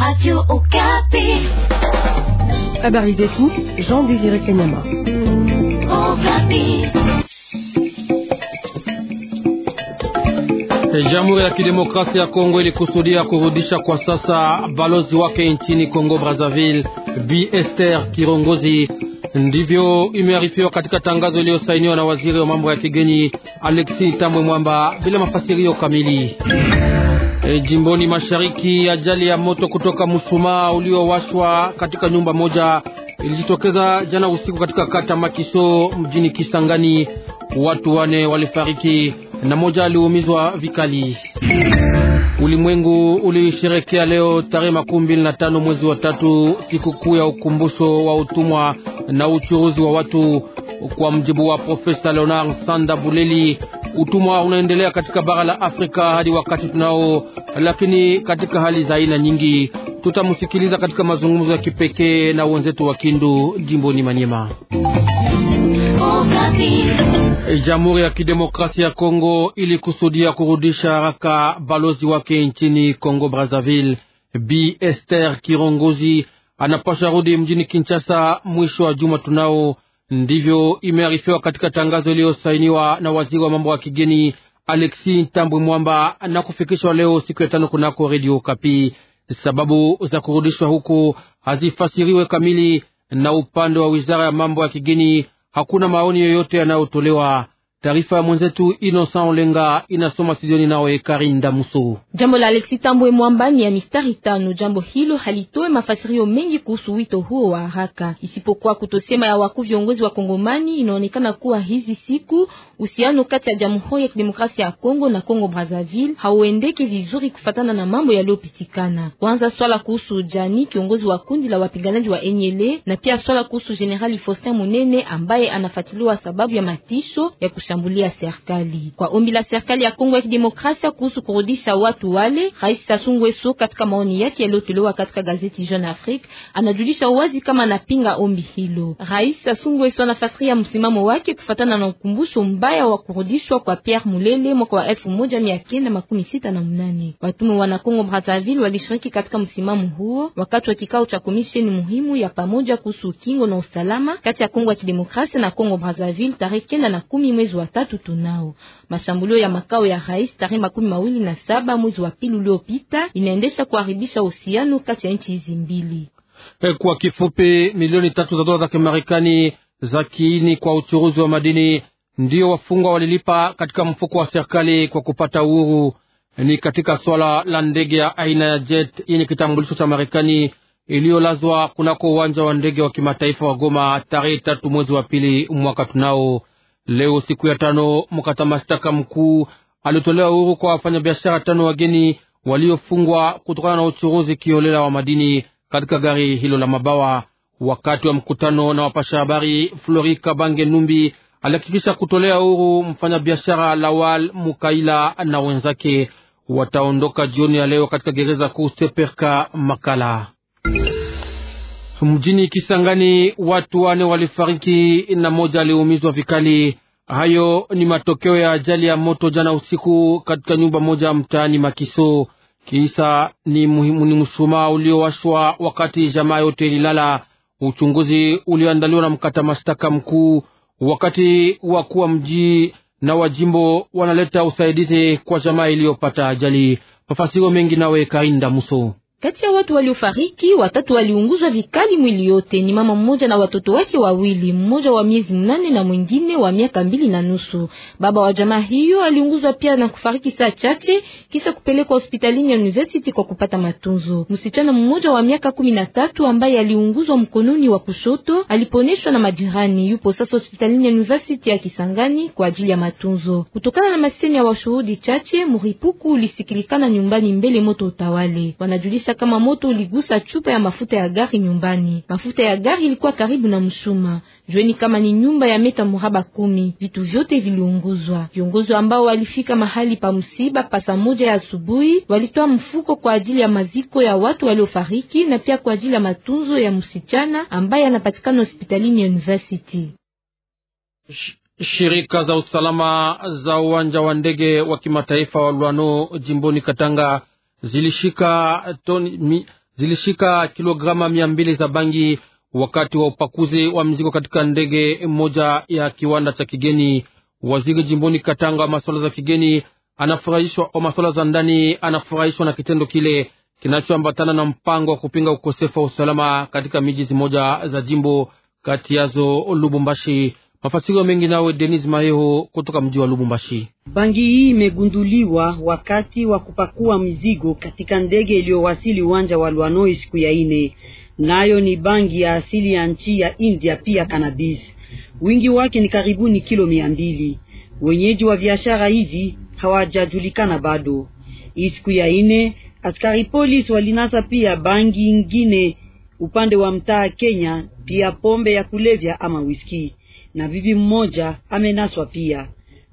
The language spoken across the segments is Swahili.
Radio Okapi. Habari zetu Jean Désiré Kanyama. Okapi. Jamhuri ya Kidemokrasia ya Kongo ilikusudia kurudisha kwa sasa balozi wake nchini Kongo Brazzaville, Bi Esther Kirongozi. Ndivyo imearifiwa katika tangazo iliyosainiwa na waziri wa mambo ya kigeni Alexis Tambwe Mwamba bila mafasirio kamili. E, jimboni mashariki, ajali ya moto kutoka mshumaa uliowashwa katika nyumba moja ilijitokeza jana usiku katika kata Makiso mjini Kisangani. Watu wane walifariki na moja aliumizwa vikali. Ulimwengu ulisherekea leo tarehe makumi mbili na tano mwezi wa tatu sikukuu ya ukumbusho wa utumwa na uchuruzi wa watu. Kwa mjibu wa Profesa Leonard Sanda Buleli, Utumwa unaendelea katika bara la Afrika hadi wakati tunao, lakini katika hali za aina nyingi. Tutamsikiliza katika mazungumzo ya kipekee na wenzetu wa Kindu jimboni Maniema. Jamhuri ya Kidemokrasia ya Kongo ilikusudia kurudisha haraka balozi wake nchini Kongo Brazzaville. Bi Esther Kirongozi anapasha rudi mjini Kinshasa mwisho wa juma tunao Ndivyo imearifiwa katika tangazo iliyosainiwa na waziri wa mambo ya kigeni Alexi Ntambwe Mwamba na kufikishwa leo siku ya tano kunako redio Kapi. Sababu za kurudishwa huku hazifasiriwe kamili na upande wa wizara ya mambo ya kigeni, hakuna maoni yoyote yanayotolewa. Taarifa ya mwenzetu Innocent Olenga inasoma studioni nawe Karin Damuso. Jambo la Alexi Tambwe Mwamba ni ya mistari tano. Jambo hilo halitoe mafasirio mengi kuhusu wito huo wa haraka, isipokuwa kutosema ya wakuu viongozi wa Kongomani. Inaonekana kuwa hizi siku uhusiano kati ya Jamhuri ya Kidemokrasia ya Kongo na Kongo Brazzaville hauendeki vizuri kufatana na mambo yaliyopitikana. Kwanza swala kuhusu Jani, kiongozi wa kundi la wapiganaji wa Enyele, na pia swala kuhusu Generali Faustin Munene ambaye anafatiliwa sababu ya matisho ya kushambulia serikali. Kwa ombi la serikali ya Kongo ya Kidemokrasia kuhusu kurudisha watu wale, Rais Sassou Nguesso katika maoni yake yaliyotolewa katika gazeti Jeune Afrique anajulisha wazi kama anapinga ombi hilo. Rais Sassou Nguesso anafasiria msimamo wake kufatana na ukumbusho mbaya wa kurudishwa kwa Pierre Mulele mwaka wa mnane. Watume wana Kongo Brazzaville walishiriki katika msimamo huo wakati wa kikao cha komisheni muhimu ya pamoja kuhusu ukingo na usalama kati ya Kongo ya Kidemokrasia na Kongo Brazzaville tarehe kenda na kumi mwezi watatu tunao. Mashambulio ya makao ya rais tarehe makumi mawili na saba mwezi wa pili uliopita inaendesha kuharibisha uhusiano kati ya nchi hizi mbili. E, kwa kifupi, milioni tatu za dola za Kimarekani za kiini kwa uchuruzi wa madini ndio wafungwa walilipa katika mfuko wa serikali kwa kupata uhuru. Ni katika swala la ndege ya aina ya jet yenye kitambulisho cha Marekani iliyolazwa kunako uwanja wa ndege wa kimataifa wa Goma tarehe tatu mwezi wa pili mwaka tunao. Leo siku ya tano, mkata mashtaka mkuu alitolewa huru kwa wafanyabiashara tano wageni waliofungwa kutokana na uchunguzi kiolela wa madini katika gari hilo la mabawa. Wakati wa mkutano na wapasha habari, Flori Kabange Numbi alihakikisha kutolea huru mfanyabiashara Lawal Mukaila na wenzake. Wataondoka jioni ya leo katika gereza kuu Seperka Makala mjini Kisangani. Watu wane walifariki na moja aliumizwa vikali Hayo ni matokeo ya ajali ya moto jana usiku katika nyumba moja mtaani Makiso. Kisa ni, ni mshumaa uliowashwa wakati jamaa yote ililala. Uchunguzi ulioandaliwa na mkata mashtaka mkuu wakati wakuu wa mji na wajimbo wanaleta usaidizi kwa jamaa iliyopata ajali. Mafasiro mengi nawe Kainda Muso. Kati ya watu waliofariki watatu waliunguzwa vikali mwili yote, ni mama mmoja na watoto wake wawili, mmoja wa miezi mnane na mwingine wa miaka mbili na nusu. Baba wa jamaa hiyo aliunguzwa pia na kufariki saa chache kisha kupelekwa hospitalini ya university kwa kupata matunzo. Msichana mmoja wa miaka kumi na tatu ambaye aliunguzwa mkononi wa kushoto aliponeshwa na majirani, yupo sasa hospitalini ya university ya Kisangani kwa ajili ya matunzo. Kutokana na masemi ya washuhudi chache, muripuku ulisikilikana nyumbani mbele moto utawale. Wanajulisha kujulisha kama moto uligusa chupa ya mafuta ya gari nyumbani. Mafuta ya gari ilikuwa karibu na msuma. Jueni kama ni nyumba ya meta mraba kumi. Vitu vyote viliunguzwa. Viongozi ambao walifika mahali pa msiba pa saa moja ya asubuhi walitoa mfuko kwa ajili ya maziko ya watu waliofariki na pia kwa ajili ya matunzo ya msichana ambaye anapatikana hospitalini university. Shirika za usalama za uwanja wa ndege wa kimataifa wa Lwano jimboni Katanga zilishika toni mi, zilishika kilograma mia mbili za bangi wakati wa upakuzi wa mzigo katika ndege moja ya kiwanda cha kigeni. Waziri jimboni Katanga wa masuala za kigeni anafurahishwa, wa masuala za ndani anafurahishwa na kitendo kile kinachoambatana na mpango wa kupinga ukosefu wa usalama katika miji zimoja za jimbo, kati yazo Lubumbashi. Mafasirio mengi nawe Denis Mayeho kutoka mji wa Lubumbashi. Bangi hii imegunduliwa wakati wa kupakua mizigo katika ndege iliyowasili uwanja wa Lwanoi siku ya ine. Nayo ni bangi ya asili ya nchi ya India, pia cannabis. Wingi wake ni karibuni kilo mia mbili. Wenyeji wa biashara hivi hawajajulikana bado. Hii siku ya ine askari polisi walinasa pia bangi ingine upande wa mtaa Kenya, pia pombe ya kulevya ama whisky na bibi mmoja amenaswa pia.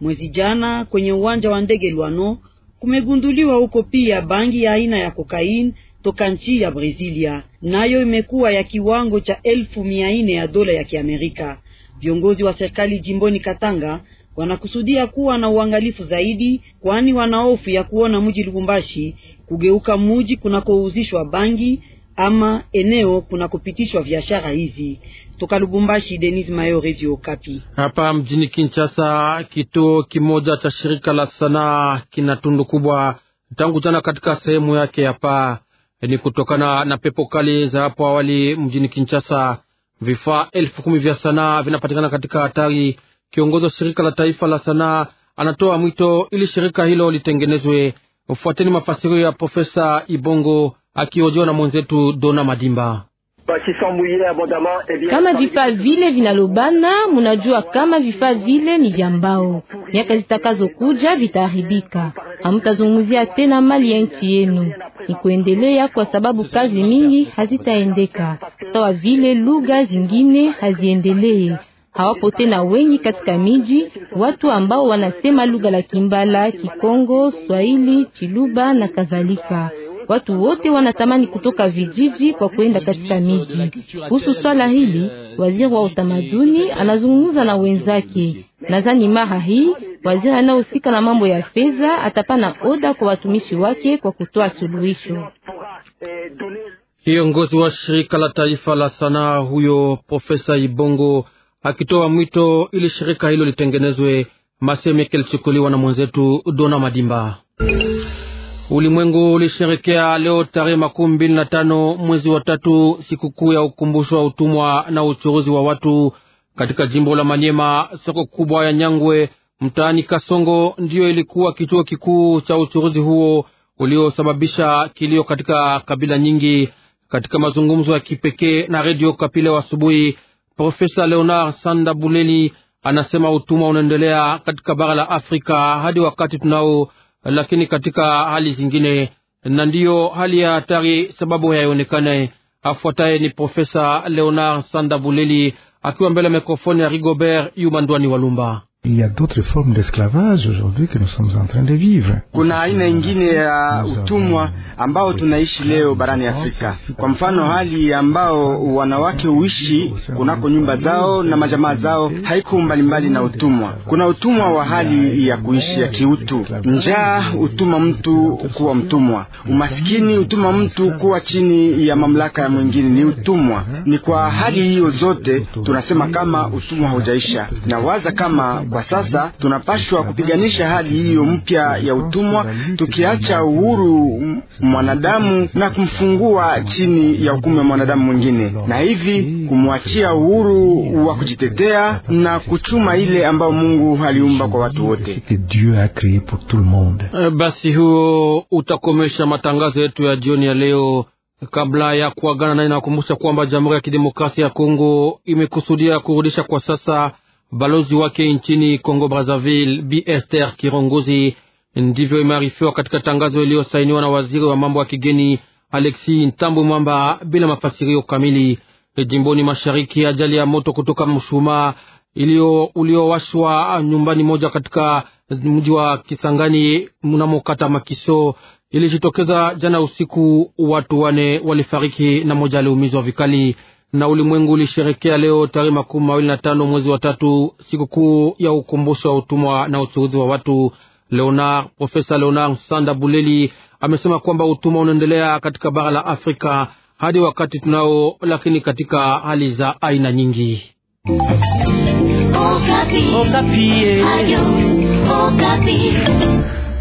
Mwezi jana kwenye uwanja wa ndege Luano kumegunduliwa huko pia bangi ya aina ya kokaini toka nchi ya Brezilia, nayo imekuwa ya kiwango cha elfu mia nne ya dola ya Kiamerika. Viongozi wa serikali jimboni Katanga wanakusudia kuwa na uangalifu zaidi, kwani wanaofu ya kuona mji Lubumbashi kugeuka mji kunakouzishwa bangi ama eneo kunakopitishwa biashara hizi. Toka Lubumbashi, Denis Mayo, Radio Okapi. Hapa mjini Kinshasa, kituo kimoja cha shirika la sanaa kina tundu kubwa tangu jana katika sehemu yake ya Ni kutokana na pepo kali za hapo awali mjini Kinshasa. Vifaa elfu kumi vya sanaa vinapatikana katika hatari. Kiongozi wa shirika la taifa la sanaa anatoa mwito ili shirika hilo litengenezwe. Ufuateni mafasirio ya Profesa Ibongo akihojiwa na mwenzetu Dona Madimba. Eh kama vifaa vile vinalobana, munajua kama vifaa vile ni vya mbao, miaka kuja vitaharibika. Hamtazungumzia tena mali ya nchi yenu, ni kuendelea kwa sababu kazi mingi hazitaendeka sawa vile lugha zingine haziendelee. Hawapo tena wengi katika miji, watu ambao wanasema lugha la Kimbala, Kikongo, Swahili, Chiluba na kadhalika. Watu wote wanatamani kutoka vijiji kwa kwenda katika miji. Kuhusu swala hili, waziri wa utamaduni anazungumza na wenzake. Nadhani mara hii waziri anayehusika na mambo ya fedha atapana oda kwa watumishi wake kwa kutoa suluhisho. Kiongozi wa shirika la taifa la sanaa huyo Profesa Ibongo akitoa mwito ili shirika hilo litengenezwe. Maseme lichukuliwa na mwenzetu Dona Madimba. Ulimwengu ulisherekea leo tarehe makumi mbili na tano mwezi wa tatu sikukuu ya ukumbusho wa utumwa na uchuruzi wa watu katika jimbo la Manyema. Soko kubwa ya Nyangwe mtaani Kasongo ndiyo ilikuwa kituo kikuu cha uchuruzi huo uliosababisha kilio katika kabila nyingi. Katika mazungumzo ya kipekee na redio Kapile wa asubuhi, Profesa Leonard Sanda Buleli anasema utumwa unaendelea katika bara la Afrika hadi wakati tunao lakini katika hali zingine, na ndiyo hali ya hatari sababu hayaonekane. Afuataye ni Profesa Leonard sandavuleli akiwa mbele ya mikrofoni ya Rigobert Yumandwani Walumba. Il y a d'autres formes d'esclavage aujourd'hui que nous sommes en train de vivre. Kuna aina ingine ya utumwa ambao tunaishi leo barani Afrika. Kwa mfano, hali ambao wanawake huishi kunako nyumba zao na majamaa zao haiko mbalimbali na utumwa. Kuna utumwa wa hali ya kuishi ya kiutu. Njaa hutuma mtu kuwa mtumwa, umasikini hutuma mtu kuwa chini ya mamlaka ya mwingine, ni utumwa. Ni kwa hali hiyo zote tunasema kama utumwa hujaisha na waza kama kwa sasa tunapashwa kupiganisha hali hiyo mpya ya utumwa, tukiacha uhuru mwanadamu na kumfungua chini ya hukumu ya mwanadamu mwingine, na hivi kumwachia uhuru wa kujitetea na kuchuma ile ambayo Mungu aliumba kwa watu wote. Eh, basi huo utakomesha matangazo yetu ya jioni ya leo. Kabla ya kuagana naye, nakumbusha kwamba Jamhuri ya Kidemokrasia ya Kongo imekusudia kurudisha kwa sasa Balozi wake nchini Kongo Brazzaville Bi Esther Kirongozi, ndivyo imearifiwa katika tangazo iliyosainiwa na waziri wa mambo ya kigeni Alexi Ntambu Mwamba bila mafasirio kamili. E, jimboni mashariki, ajali ya moto kutoka mshumaa uliowashwa nyumbani moja katika mji wa Kisangani mnamo kata Makiso ilijitokeza jana usiku. Watu wane walifariki na moja aliumizwa vikali na ulimwengu ulisherekea leo tarehe makumi mawili na tano mwezi wa tatu sikukuu ya ukumbusho wa utumwa na uchuguzi wa watu. Leonard Profesa Leonard Sanda Buleli amesema kwamba utumwa unaendelea katika bara la Afrika hadi wakati tunao, lakini katika hali za aina nyingi. Okapi. Okapi. Eh. Ayo. Okapi.